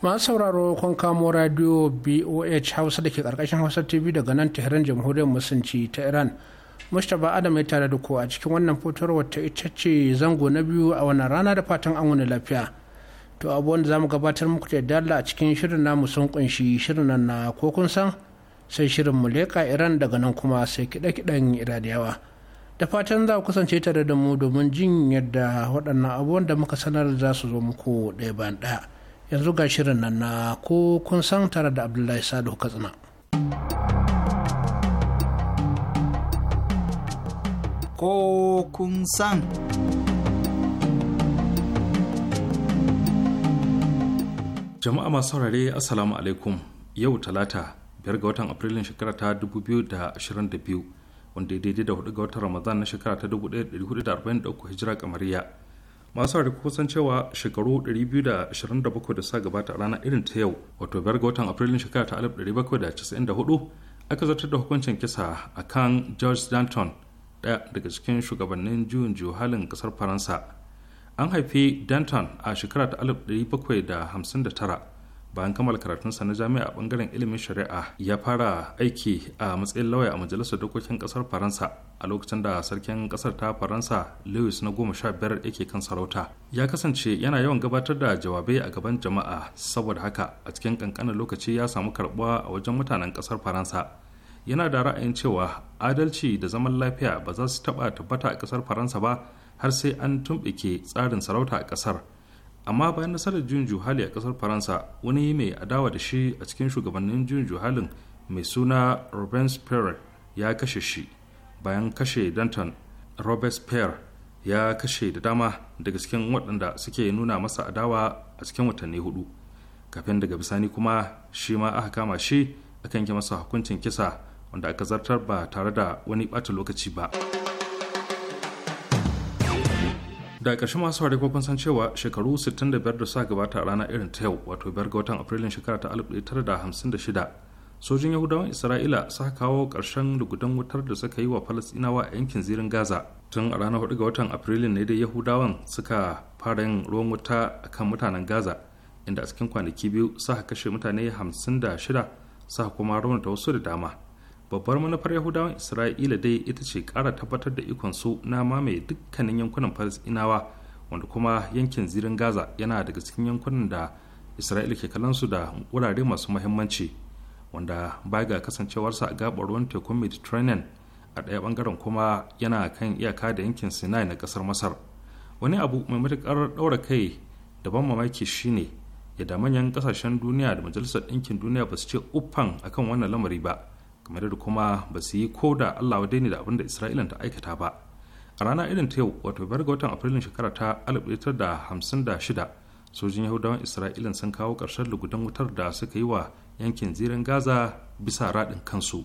masu sauraro kun kamo radio boh hausa da ke karkashin hausa tv daga nan tehran jamhuriyar musulunci ta iran mustapha adam ya tare da ku a cikin wannan fotowar wata ita ce zango na biyu a wannan rana da fatan an wani lafiya to abubuwan da za mu gabatar muku da dalla a cikin shirin namu sun kunshi shirin nan na ko kun san sai shirin mu leka iran daga nan kuma sai kiɗe-kiɗen iradiyawa da fatan za ku kusance tare da mu domin jin yadda waɗannan abubuwan da muka sanar za su zo muku ɗaya bayan ɗaya yanzu ga shirin nan na ko kun san tare da abdullahi sadu katsina ko kun san jama'a masu saurare assalamu alaikum yau talata biyar ga watan afrilun shekara ta 2022 wanda daidai da hudu ga watan ramadan na shekara ta 1443 hijira kamariya masu da kusan cewa shekaru 227 da sa gabata rana irin ta yau wato biyar ga watan afrilun shekara ta 1794 aka zartar da hukuncin kisa a kan george danton ɗaya daga cikin shugabannin juyin halin kasar faransa an haifi danton a shekara ta 1759 bayan kammala karatunsa na jami'a a bangaren ilimin shari'a ya fara aiki a matsayin lauya a majalisar dokokin kasar faransa a lokacin da sarkin kasar ta faransa louis na goma sha biyar yake kan sarauta ya kasance yana yawan gabatar da jawabai a gaban jama'a saboda haka a cikin kankanin lokaci ya samu karbuwa a wajen mutanen kasar faransa yana da ra'ayin cewa adalci da zaman lafiya ba za su taba tabbata a kasar faransa ba har sai an tumɓike tsarin sarauta a kasar amma bayan nasarar juyin juhali a kasar faransa wani mai adawa da shi a cikin shugabannin juyin juhalin mai suna spare ya kashe shi bayan kashe danton spare ya kashe da dama daga cikin waɗanda suke nuna masa adawa a cikin watanni hudu kafin daga bisani kuma shi ma aka kama shi akan yi masa hukuncin kisa wanda aka zartar ba tare da wani ɓata lokaci ba. da ƙarshe masu ware kun san cewa shekaru 65 da suka gabata a rana irin ta yau wato biyar ga watan afrilun shekara ta 1956 sojin yahudawan isra'ila suka kawo ƙarshen lugudan wutar da suka yi wa falastinawa a yankin zirin gaza tun a ranar 4 ga watan afrilun ne dai yahudawan suka fara yin ruwan wuta a kan mutanen gaza inda a cikin kwanaki biyu sa kashe mutane 56 sa kuma raunata wasu da dama babbar manufar yahudawan isra'ila dai ita ce kara tabbatar da ikonsu na mamaye dukkanin yankunan inawa wanda kuma yankin zirin gaza yana daga cikin yankunan da isra'ila ke kalan su da wurare masu muhimmanci wanda baya ga kasancewarsa a gabar ruwan tekun mediterranean a ɗaya bangaren kuma yana kan iyaka da yankin sinai na ƙasar masar wani abu mai matuƙar ɗaura kai da ban mamaki shine yadda manyan ƙasashen duniya da majalisar ɗinkin duniya ba su ce uffan akan wannan lamari ba kamar da kuma ba su yi ko da Allah wadai ne da abin da Isra'ilan ta aikata ba a rana irin ta yau wato biyar ga watan Afrilun shekara ta 1956 sojin Yahudawan isra'ila sun kawo ƙarshen lugudan wutar da suka yi wa yankin zirin Gaza bisa raɗin kansu.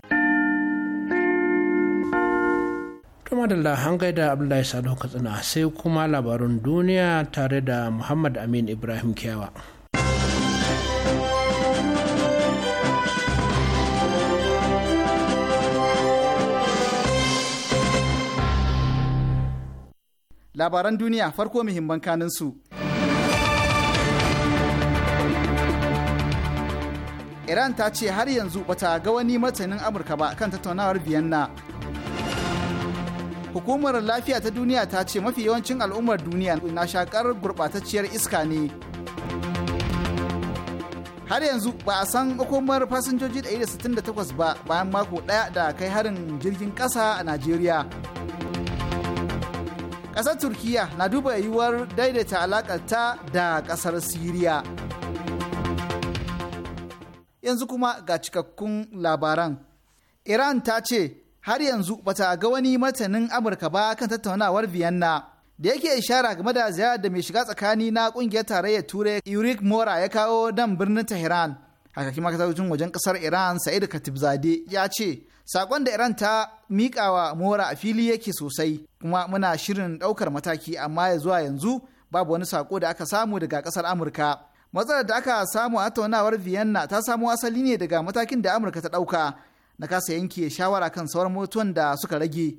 muhammad da da Abdullahi sadu Katsina sai kuma labarun duniya tare da Muhammad Amin Ibrahim Kyawa. Labaran duniya farko muhimman kaninsu. Iran ta ce har yanzu bata ga wani martanin Amurka ba kan tattaunawar Vienna. hukumar lafiya ta duniya ta ce mafi yawancin al'ummar duniya na shakar gurɓatacciyar iska ne har yanzu ba a san hukumar fasinjoji 168 ba bayan mako ɗaya da kai harin jirgin ƙasa a najeriya ƙasar turkiya na duba yiwuwar daidaita alakarta da ƙasar siriya yanzu kuma ga cikakkun labaran iran ta ce har yanzu bata ga wani martanin Amurka ba kan tattaunawar Vienna. Da yake ishara game da ziyarar da mai shiga tsakani na kungiyar tarayyar Turai Yurik Mora ya kawo nan birnin Tehran. Hakakin makasarcin wajen kasar Iran Sa'id Katibzade ya ce, Sakon da Iran ta miƙawa Mora a fili yake sosai, kuma muna shirin ɗaukar mataki amma ya zuwa yanzu babu wani sako da aka samu daga ƙasar Amurka. Matsalar da aka samu a tattaunawar Vienna ta samo asali ne daga matakin da Amurka ta ɗauka na kasa yanke shawara kan sauran mutuwan da suka rage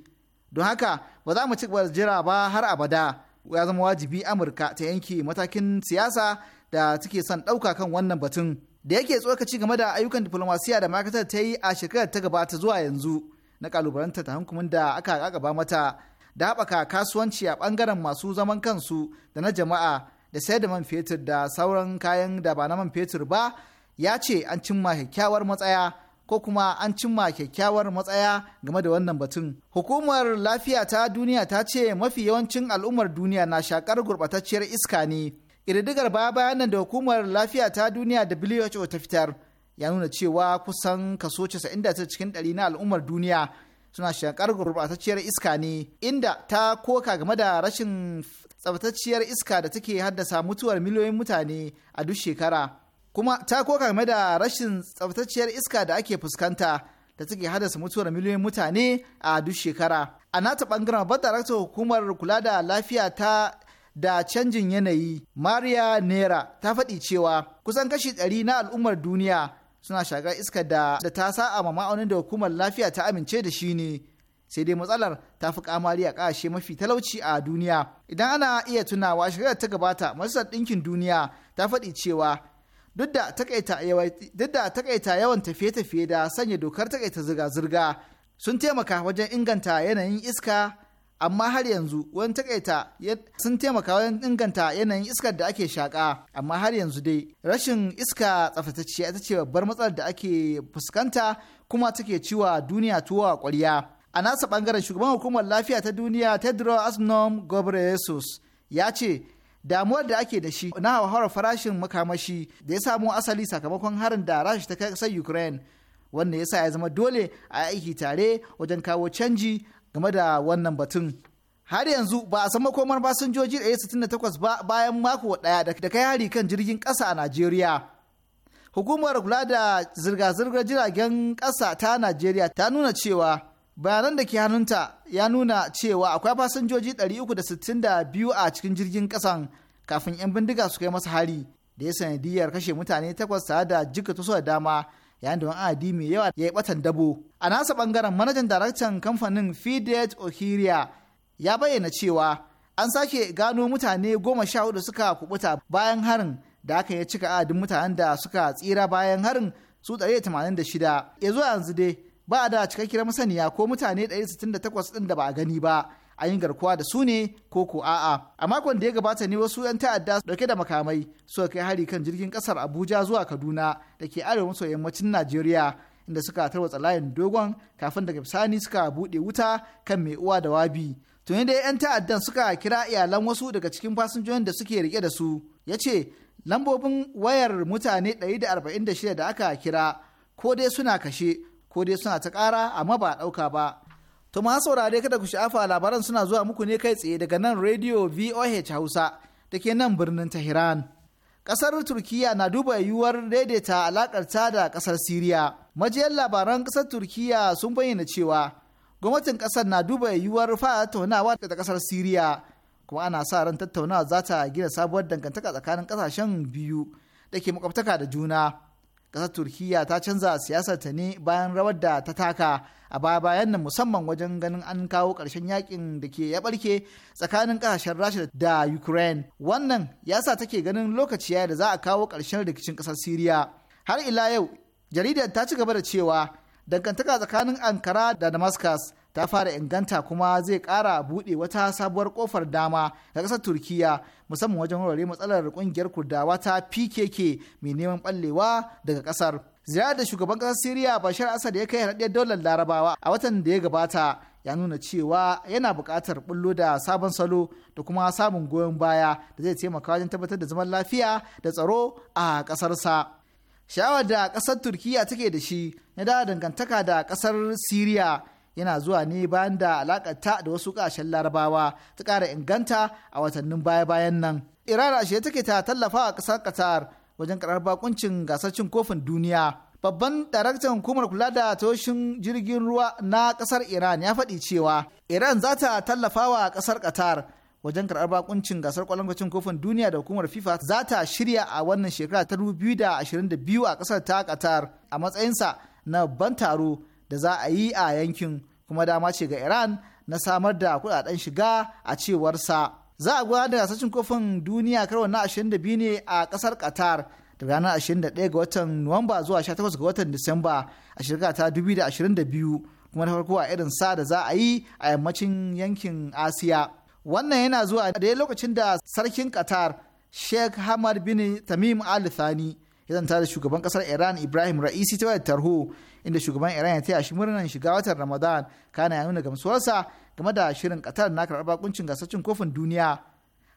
don haka ba za mu ci jira ba har abada ya zama wajibi amurka ta yanke matakin siyasa da take son ɗauka kan wannan batun da yake tsokaci game da ayyukan diplomasiya da makatar ta yi a shekarar ta gabata zuwa yanzu na kalubalanta ta hankumin da aka gaba mata da haɓaka kasuwanci a ɓangaren masu zaman kansu da na jama'a da sayar da man fetur da sauran kayan da ba na man fetur ba ya ce an cimma kyakkyawar matsaya ko kuma an cimma kyakkyawar matsaya game da wannan batun. Hukumar lafiya ta duniya ta ce mafi yawancin al'ummar duniya na shakar gurɓatacciyar iska ne. Ƙididdigar baya bayan nan da hukumar lafiya ta duniya WHO ta fitar ya nuna cewa kusan kaso ta cikin ɗari na al'ummar duniya suna shakar gurɓatacciyar iska ne inda ta koka game da rashin tsabtacciyar iska da take haddasa mutuwar miliyoyin mutane a duk shekara. kuma ta koka game da rashin tsaftacciyar iska da ake fuskanta da take haddasa mutuwar miliyoyin mutane a duk shekara. A nata bangaren babban daraktar hukumar kula da lafiya ta da canjin yanayi Maria Nera ta faɗi cewa kusan kashi ɗari na al'ummar duniya suna shagar iska da, da ta sa ma ma'aunin da hukumar lafiya ta amince da shi ne. Sai dai matsalar ta fi kamari a kashe mafi talauci a duniya. Idan ana iya tunawa shekarar ta gabata Majalisar Ɗinkin Duniya ta faɗi cewa duk da takaita yawan tafiye-tafiye da sanya dokar takaita zirga-zirga sun taimaka wajen inganta yanayin iska amma har yanzu wani takaita sun taimaka wajen inganta yanayin iskar da ake shaƙa amma har yanzu dai rashin iska tsaftace ita ce babbar matsalar da ake fuskanta kuma take ciwa duniya tuwa kwarya a nasa ɓangaren shugaban hukumar lafiya ta duniya tedros adhanom ghebreyesus ya ce damuwar da ake da shi na hauhawar farashin makamashi da ya samo asali sakamakon harin da rasha ta kai ukraine wanda ya sa ya zama dole a aiki tare wajen kawo canji game da wannan batun har yanzu ba a san makomar fasinjoji 68 ba bayan mako daya da kai hari kan jirgin ƙasa a najeriya hukumar kula da zirga-zirgar jiragen ƙasa ta najeriya ta nuna cewa bayanan da ke hannunta ya nuna cewa akwai fasinjoji 362 a cikin jirgin kasan kafin 'yan bindiga su kai masa hari da ya sanadiyar kashe mutane takwas tare da jika su da dama yayin da wani adi mai yawa ya yi batan dabo a nasa bangaren manajan daraktan kamfanin fidet ohiria ya bayyana cewa an sake gano mutane goma sha hudu suka kubuta bayan harin da aka ya cika adadin mutanen da suka tsira bayan harin su 186 ya zuwa yanzu dai ba a da cikakkiyar masaniya ko mutane 168 ɗin da ba a gani ba a yin garkuwa da su ne ko ko a'a a makon da ya gabata ne wasu 'yan ta'adda dauke da makamai suka kai hari kan jirgin kasar abuja zuwa kaduna da ke arewa maso yammacin najeriya inda suka tarwatsa layin dogon kafin daga bisani suka buɗe wuta kan mai uwa da wabi tuni dai 'yan ta'addan suka kira iyalan wasu daga cikin fasinjojin da suke rike da su ya ce lambobin wayar mutane 146 da aka kira ko dai suna kashe ko dai suna ta ƙara amma ba a ɗauka ba. To ma saurare kada ku sha'afa labaran suna zuwa muku ne kai tsaye daga nan Radio VOH Hausa da ke nan birnin Tehran. Ƙasar Turkiyya na duba yiwuwar daidaita alakar ta da ƙasar Siriya. Majiyar labaran kasar Turkiyya sun bayyana cewa gwamnatin ƙasar na duba yiwuwar fara tattaunawa da ƙasar Siriya kuma ana sa ran tattaunawa za ta gina sabuwar dangantaka tsakanin ƙasashen biyu da ke makwabtaka da juna. ƙasar turkiya ta canza siyasar ta ne bayan rawar da ta taka a baya bayan nan musamman wajen ganin an kawo karshen yakin da ke ya barke tsakanin ƙasashen rasha da ukraine wannan yasa take ganin lokaci ya da za a kawo ƙarshen rikicin ƙasar syria har ila yau jaridar ta ci gaba da cewa dangantaka tsakanin ankara da damascus ta fara inganta kuma zai kara buɗe wata sabuwar kofar dama ga ƙasar turkiya musamman wajen wurare matsalar ƙungiyar kurdawa ta pkk mai neman ɓallewa daga ƙasar ziyarar da shugaban ƙasar siriya bashar asad ya kai haɗaɗɗiyar daular larabawa a watan da ya gabata ya nuna cewa yana buƙatar bullo da sabon salo da kuma samun goyon baya da zai taimaka wajen tabbatar da zaman lafiya da tsaro a ƙasarsa. sha'awar da ƙasar turkiya take da shi na da dangantaka da ƙasar siriya yana zuwa ne bayan da ta da wasu kashen larabawa ta ƙara inganta a watannin baya-bayan nan. Iran ashe take ta tallafa a ƙasar Qatar wajen karar bakuncin gasar cin kofin duniya. Babban daraktan hukumar kula da toshin jirgin ruwa na ƙasar Iran ya faɗi cewa Iran za ta tallafa wa ƙasar Qatar wajen karar bakuncin gasar kwallon cin kofin duniya da hukumar FIFA za ta shirya a wannan shekara ta 2022 a ƙasar ta Qatar a matsayinsa na babban taro da za a yi a yankin kuma dama ce ga iran na samar da kudaden shiga a cewarsa za a gudanar da gasashen kofin duniya karo na 22 ne a kasar qatar da ranar 21 ga watan nuwamba zuwa 18 ga watan disamba a shirka ta 2022 kuma na farko a irin sa da za a yi a yammacin yankin asiya wannan yana zuwa da lokacin da sarkin qatar sheikh hamad bin tamim al thani ya zanta da shugaban kasar iran ibrahim ra'isi ta wayar tarho inda shugaban iran ya taya shi murnar shiga watan ramadan kana ya nuna gamsuwarsa game da shirin qatar na karɓar bakuncin gasar cin kofin duniya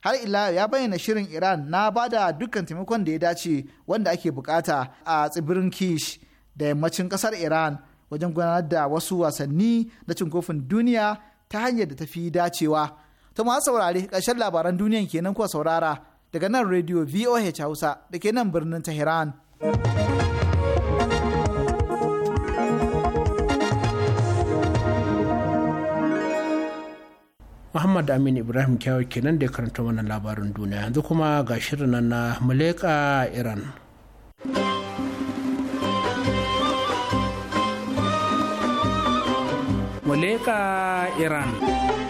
har ila ya bayyana shirin iran na ba da dukkan taimakon da ya dace wanda ake bukata a tsibirin kish da yammacin kasar iran wajen gudanar da wasu wasanni na cin kofin duniya ta hanyar da ta fi dacewa. To masu saurare ƙarshen labaran duniyan kenan kuwa saurara. daga nan rediyo VOH Hausa da ke nan birnin Tehran. Muhammad Amin Ibrahim Kyawu kenan da ya karanta wannan labarin duniya yanzu kuma ga shirin nan na Muleka Iran. Muleka Iran.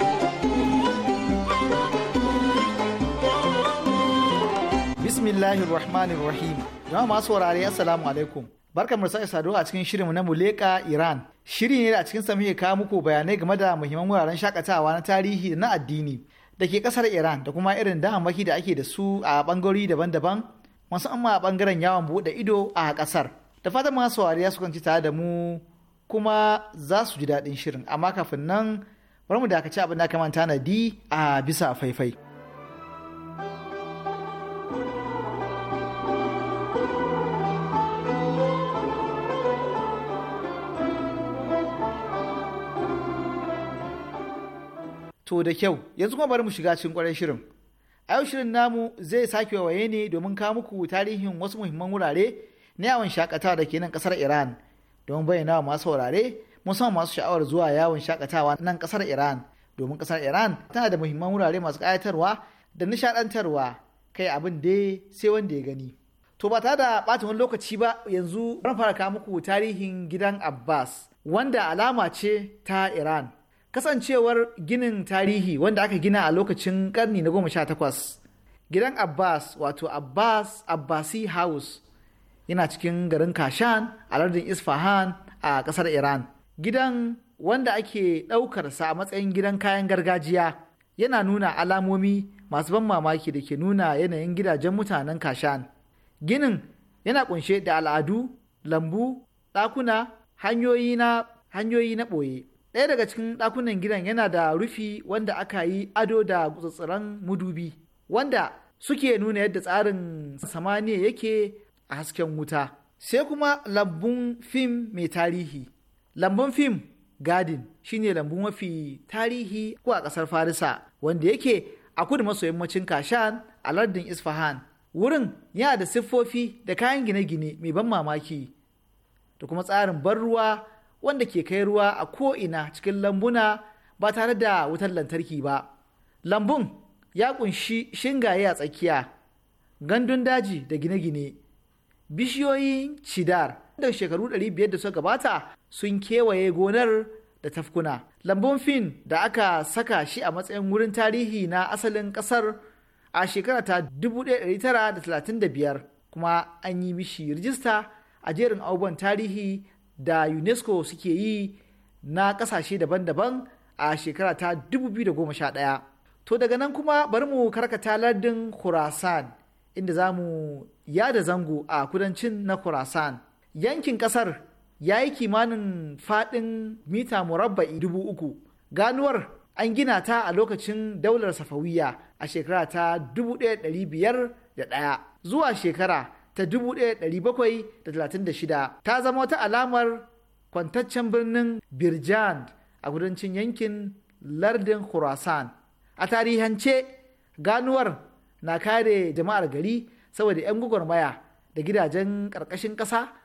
Bismillahir Rahmanir Rahim. Jama'a masu wurare Assalamu alaikum. Barka mu sake saduwa a cikin shirinmu na Muleka Iran. Shiri ne da a cikin sa muke kawo muku bayanai game da muhimman wuraren shakatawa na tarihi da na addini da ke kasar Iran da kuma irin damammaki da ake da su a bangarori daban-daban amma a bangaren yawon bude ido a kasar. Da fatan masu wariya su ci tare da mu kuma za su ji daɗin shirin amma kafin nan bari mu dakaci abin da kamanta na di a bisa faifai. To da kyau, yanzu kuma bari mu shiga cikin kwarai shirin. A yau shirin namu zai sake waye ne domin kawo muku tarihin wasu muhimman wurare na yawon shakatawa da ke nan kasar Iran. Don bayyana wa masu saurare musamman masu sha'awar zuwa yawon shakatawa nan kasar Iran. Domin kasar Iran tana da muhimman wurare masu ƙayatarwa da nishaɗantarwa kai abin da sai wanda ya gani. To ba tare da ɓata wani lokaci ba yanzu bari fara kawo muku tarihin gidan Abbas wanda alama ce ta Iran. kasancewar ginin tarihi wanda aka gina a lokacin karni na goma sha takwas gidan abbas wato abbas abbasi house yana cikin garin kashan a lardin isfahan a kasar iran gidan wanda ake ɗaukarsa a matsayin gidan kayan gargajiya yana nuna alamomi masu ban mamaki da ke nuna yanayin gidajen mutanen kashan ginin yana kunshe da al'adu lambu ɗakuna hanyoyi na ɓoye ɗaya daga cikin ɗakunan gidan yana da rufi wanda aka yi ado da tsatsiran mudubi wanda suke nuna yadda tsarin samaniya yake a hasken wuta sai kuma lambun fim mai tarihi lambun fim gadin shine lambun mafi tarihi ko a ƙasar farisa wanda yake a kudu maso yammacin kashan a lardin isfahan wurin yana da siffofi da kayan gine-gine mai ban mamaki da kuma tsarin ban ruwa wanda ke kai ruwa a ko'ina cikin lambuna ba tare da wutar lantarki ba. Lambun ya kunshi shingaye a tsakiya, gandun daji da gine-gine, bishiyoyin cidar da shekaru 500 da suka gabata sun kewaye gonar da tafkuna. Lambun fin da aka saka shi a matsayin wurin tarihi na asalin ƙasar a shekara ta 1935 kuma an yi mishi rijista a jerin abubuwan tarihi da unesco suke yi na ƙasashe daban-daban a shekara ta 2011 to daga nan kuma bari mu karkata lardin khurasan inda za mu yada zango a kudancin na khurasan yankin ƙasar ya yi kimanin faɗin mita murabba'i dubu uku ganuwar an gina ta a lokacin daular safawiya a shekara ta 1501 zuwa shekara ta 1736 ta zama wata alamar kwantaccen birnin birjan a kudancin yankin lardin khurasan a tarihance ganuwar na kare jama'ar gari saboda 'yan gwagwarmaya da gidajen ƙarƙashin ƙasa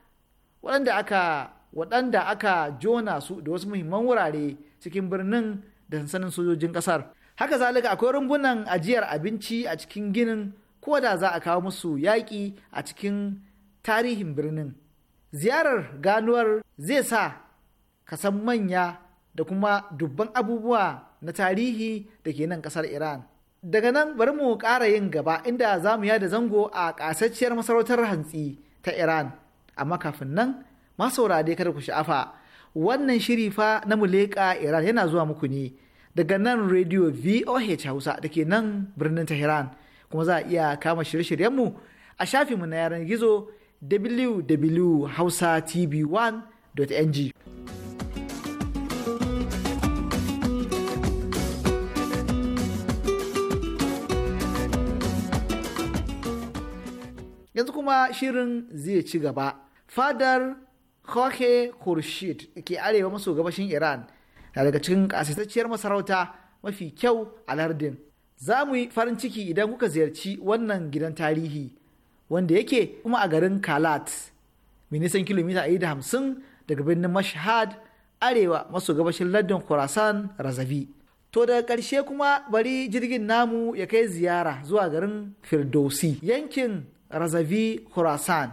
waɗanda aka waɗanda aka jona su da wasu muhimman wurare cikin birnin da sansanin sojojin ƙasar haka zalika akwai rumbunan ajiyar abinci a cikin ginin ko da za a kawo musu yaƙi a cikin tarihin birnin ziyarar ganuwar zai sa ka san manya da kuma dubban abubuwa na tarihi da ke nan ƙasar iran daga nan bari mu ƙara yin gaba inda za mu yada zango a ƙasacciyar masarautar hantsi ta iran amma kafin nan masaurare kada ku sha'afa wannan shiri fa na muleka iran yana zuwa muku ne daga nan radio voh hausa da ke nan birnin tehran kuma za a iya kama shirye-shiryenmu a shafinmu na yaran gizo www.hausatv1.ng yanzu kuma shirin zai ci gaba fadar Jorge Khurshid ke arewa maso gabashin Iran na daga cikin ƙasaitacciyar masarauta mafi kyau a lardin za mu yi farin ciki idan kuka ziyarci wannan gidan tarihi wanda yake kuma a garin kalat mai san kilomita 150 daga birnin mashhad arewa maso gabashin lardin khorasan razavi to daga ƙarshe kuma bari jirgin namu ya kai ziyara zuwa garin firdausi yankin razavi khorasan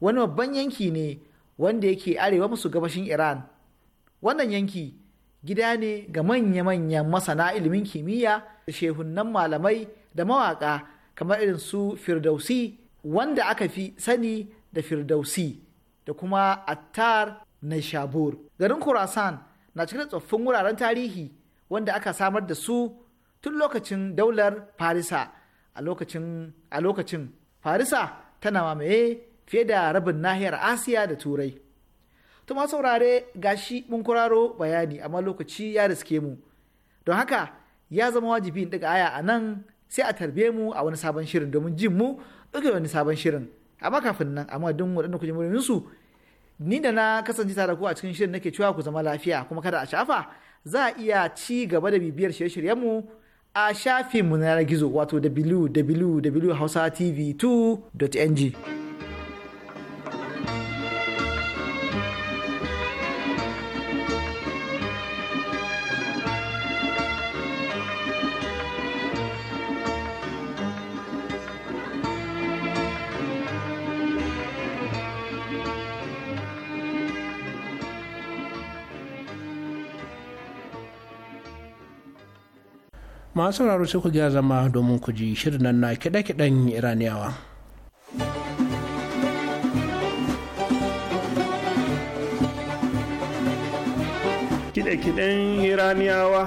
wani babban yanki ne wanda yake arewa maso gabashin iran wannan yanki gida ne ga manya-manyan masana ilimin kimiyya da shehunan malamai da mawaƙa kamar irin su firdausi wanda aka fi sani da firdausi da kuma attar na shabur garin khorasan na cikin tsoffin wuraren tarihi wanda aka samar da su tun lokacin daular farisa a lokacin farisa tana mamaye fiye da rabin nahiyar asiya da turai to ma saurare gashi mun kuraro bayani amma lokaci ya riske mu don haka ya zama wajibi in daga aya a nan sai a tarbe mu a wani sabon shirin domin jin mu ɗauke wani sabon shirin amma kafin nan amma duk waɗanda ku ji su ni da na kasance tare ku a cikin shirin nake cewa ku zama lafiya kuma kada a shafa za a iya ci gaba da bibiyar shirye mu a shafin shafinmu na gizo wato www.hausatv2.ng. masu sauraro sai ku gya zama domin ku ji shirin nan na kiɗe-kiɗen iraniyawa kiɗe-kiɗen iraniyawa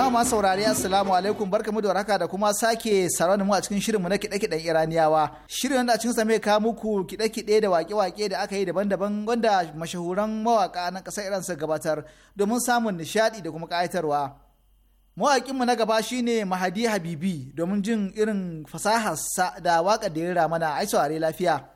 Jama'a masu saurari Assalamu alaikum mu da waraka da kuma sake sauraron mu a cikin shirinmu na kiɗe-kiɗen Iraniyawa. Shirin wanda a cikin sa mai ka muku kiɗe-kiɗe da waƙe-waƙe da aka yi daban-daban wanda mashahuran mawaƙa na ƙasar Iran suka gabatar domin samun nishaɗi da kuma ƙayatarwa. Mawaƙinmu na gaba shine Mahadi Habibi domin jin irin fasaharsa da waƙar da ya mana ai saurari lafiya.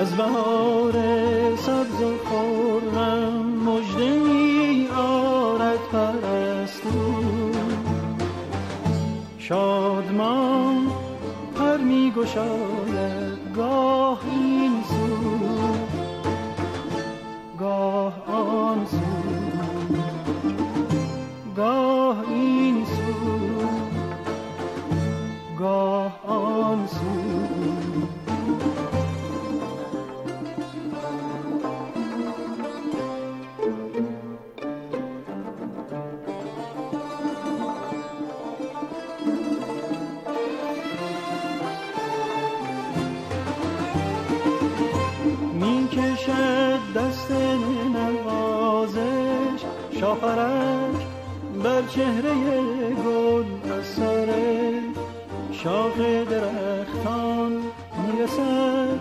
از بهار سبز و خورم مجده می آرد پرستو شادمان پر می شاپرک بر چهره گل اثر شاخ درختان میرسد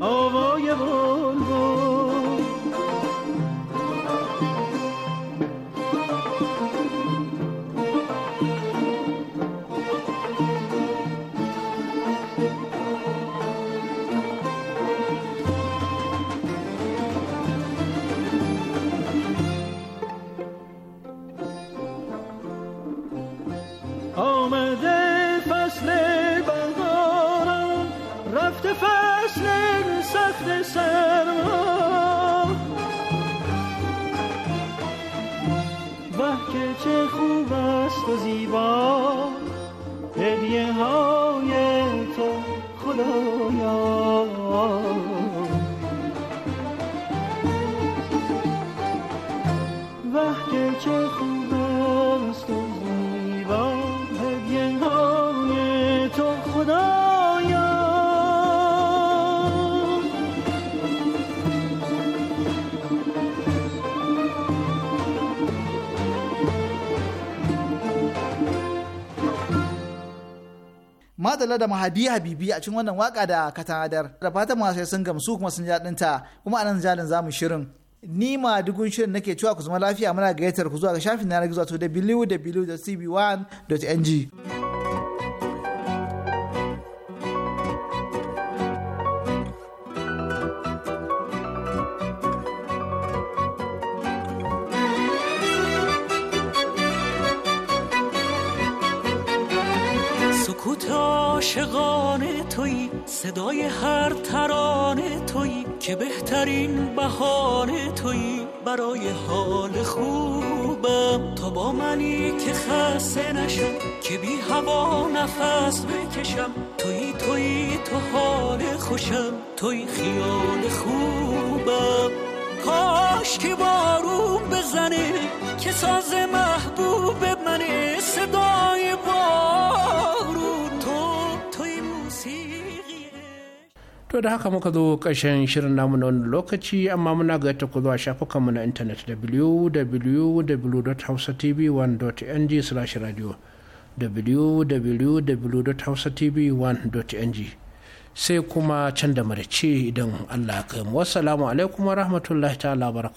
آوای بود tattala da mahadi habibi a cikin wannan waka da katanadar da fatan masu sun gamsu kuma sun jaɗin ta kuma anan jalin zamu shirin ni ma dugun shirin nake cewa ku zama lafiya muna gayyatar ku zuwa ga shafin na gizo to www.cb1.ng عاشقان توی صدای هر ترانه توی که بهترین بهانه توی برای حال خوبم تو با منی که خسته نشم که بی هوا نفس بکشم توی توی تو حال خوشم توی خیال خوبم کاش که بارون بزنه که ساز محبوب منه to da haka muka zo ƙarshen shirin namu na wani lokaci amma muna ga ta zuwa shafukanmu na intanet www.hausatv1.ng/radio www.hausatv1.ng sai kuma can da marice idan Allah kai mu wassalamu alaikum wa rahmatullahi ta'ala